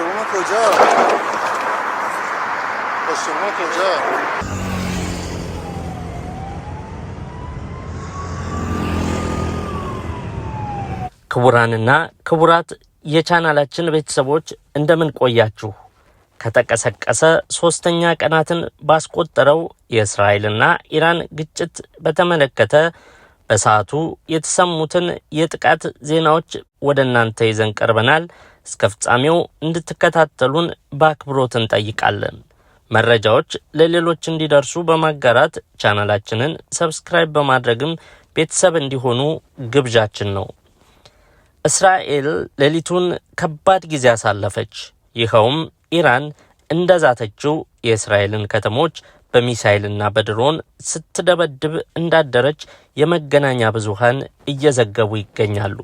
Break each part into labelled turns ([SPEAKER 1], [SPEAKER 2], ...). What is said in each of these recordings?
[SPEAKER 1] Başımı koca. Başımı کجا
[SPEAKER 2] ክቡራንና ክቡራት የቻናላችን ቤተሰቦች እንደምን ቆያችሁ? ከተቀሰቀሰ ሶስተኛ ቀናትን ባስቆጠረው የእስራኤልና ኢራን ግጭት በተመለከተ በሰዓቱ የተሰሙትን የጥቃት ዜናዎች ወደ እናንተ ይዘን ቀርበናል። እስከ ፍጻሜው እንድትከታተሉን በአክብሮት እንጠይቃለን። መረጃዎች ለሌሎች እንዲደርሱ በማጋራት ቻናላችንን ሰብስክራይብ በማድረግም ቤተሰብ እንዲሆኑ ግብዣችን ነው። እስራኤል ሌሊቱን ከባድ ጊዜ አሳለፈች። ይኸውም ኢራን እንደዛተችው የእስራኤልን ከተሞች በሚሳይልና በድሮን ስትደበድብ እንዳደረች የመገናኛ ብዙሃን እየዘገቡ ይገኛሉ።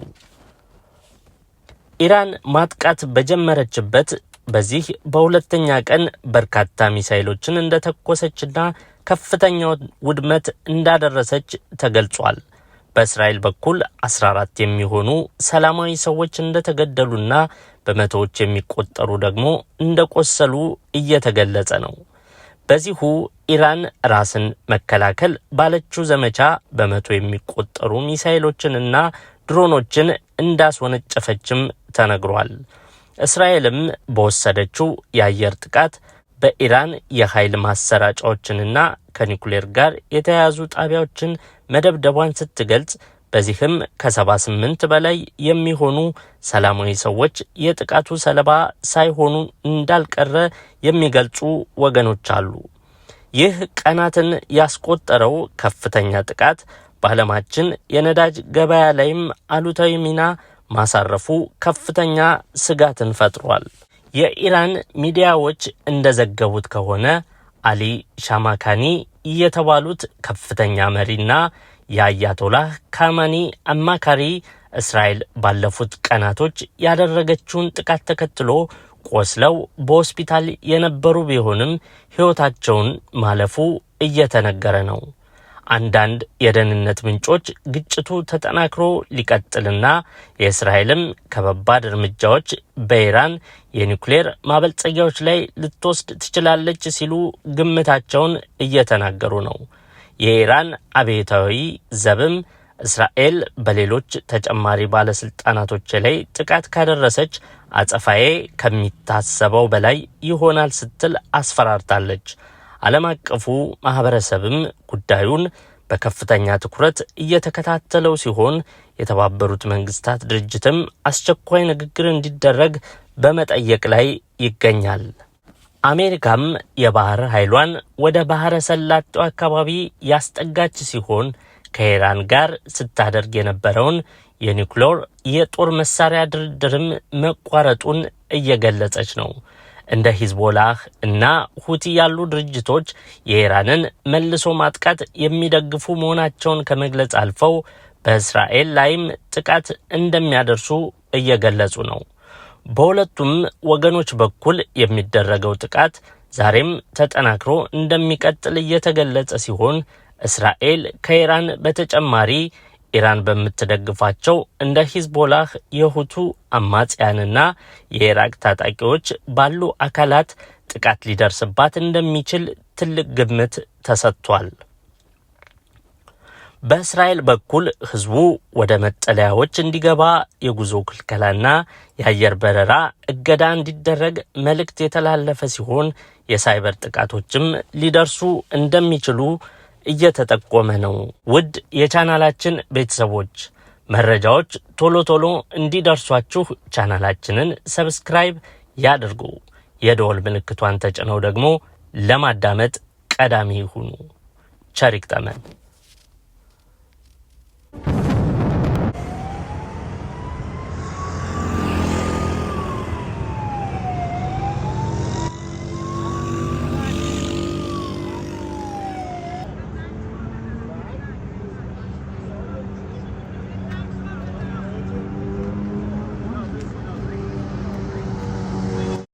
[SPEAKER 2] ኢራን ማጥቃት በጀመረችበት በዚህ በሁለተኛ ቀን በርካታ ሚሳይሎችን እንደተኮሰችና ከፍተኛው ውድመት እንዳደረሰች ተገልጿል። በእስራኤል በኩል 14 የሚሆኑ ሰላማዊ ሰዎች እንደተገደሉና በመቶዎች የሚቆጠሩ ደግሞ እንደቆሰሉ እየተገለጸ ነው። በዚሁ ኢራን ራስን መከላከል ባለችው ዘመቻ በመቶ የሚቆጠሩ ሚሳይሎችንና ድሮኖችን እንዳስወነጨፈችም ተነግሯል። እስራኤልም በወሰደችው የአየር ጥቃት በኢራን የኃይል ማሰራጫዎችንና ከኒኩሌር ጋር የተያያዙ ጣቢያዎችን መደብደቧን ስትገልጽ በዚህም ከ78 በላይ የሚሆኑ ሰላማዊ ሰዎች የጥቃቱ ሰለባ ሳይሆኑ እንዳልቀረ የሚገልጹ ወገኖች አሉ። ይህ ቀናትን ያስቆጠረው ከፍተኛ ጥቃት በዓለማችን የነዳጅ ገበያ ላይም አሉታዊ ሚና ማሳረፉ ከፍተኛ ስጋትን ፈጥሯል። የኢራን ሚዲያዎች እንደዘገቡት ከሆነ አሊ ሻማካኒ የተባሉት ከፍተኛ መሪና የአያቶላህ ካማኒ አማካሪ እስራኤል ባለፉት ቀናቶች ያደረገችውን ጥቃት ተከትሎ ቆስለው በሆስፒታል የነበሩ ቢሆንም ሕይወታቸውን ማለፉ እየተነገረ ነው። አንዳንድ የደህንነት ምንጮች ግጭቱ ተጠናክሮ ሊቀጥልና የእስራኤልም ከባባድ እርምጃዎች በኢራን የኒውክሌር ማበልጸጊያዎች ላይ ልትወስድ ትችላለች ሲሉ ግምታቸውን እየተናገሩ ነው። የኢራን አብዮታዊ ዘብም እስራኤል በሌሎች ተጨማሪ ባለስልጣናቶች ላይ ጥቃት ካደረሰች አጸፋዬ ከሚታሰበው በላይ ይሆናል ስትል አስፈራርታለች። ዓለም አቀፉ ማህበረሰብም ጉዳዩን በከፍተኛ ትኩረት እየተከታተለው ሲሆን የተባበሩት መንግስታት ድርጅትም አስቸኳይ ንግግር እንዲደረግ በመጠየቅ ላይ ይገኛል። አሜሪካም የባህር ኃይሏን ወደ ባህረ ሰላጤው አካባቢ ያስጠጋች ሲሆን ከኢራን ጋር ስታደርግ የነበረውን የኒውክሌር የጦር መሳሪያ ድርድርም መቋረጡን እየገለጸች ነው። እንደ ሂዝቦላህ እና ሁቲ ያሉ ድርጅቶች የኢራንን መልሶ ማጥቃት የሚደግፉ መሆናቸውን ከመግለጽ አልፈው በእስራኤል ላይም ጥቃት እንደሚያደርሱ እየገለጹ ነው። በሁለቱም ወገኖች በኩል የሚደረገው ጥቃት ዛሬም ተጠናክሮ እንደሚቀጥል እየተገለጸ ሲሆን እስራኤል ከኢራን በተጨማሪ ኢራን በምትደግፋቸው እንደ ሂዝቦላህ የሁቱ አማጽያንና የኢራቅ ታጣቂዎች ባሉ አካላት ጥቃት ሊደርስባት እንደሚችል ትልቅ ግምት ተሰጥቷል። በእስራኤል በኩል ህዝቡ ወደ መጠለያዎች እንዲገባ የጉዞ ክልከላና የአየር በረራ እገዳ እንዲደረግ መልእክት የተላለፈ ሲሆን የሳይበር ጥቃቶችም ሊደርሱ እንደሚችሉ እየተጠቆመ ነው። ውድ የቻናላችን ቤተሰቦች መረጃዎች ቶሎ ቶሎ እንዲደርሷችሁ ቻናላችንን ሰብስክራይብ ያድርጉ። የደወል ምልክቷን ተጭነው ደግሞ ለማዳመጥ ቀዳሚ ይሁኑ። ቸር ይግጠመን።